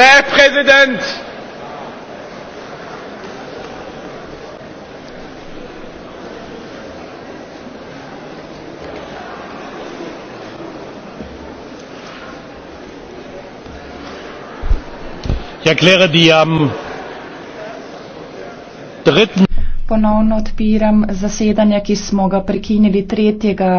Der Präsident! Ich erkläre die am dritten. Ponovno odpiram zasedanje, ki smo ga prekinili 3.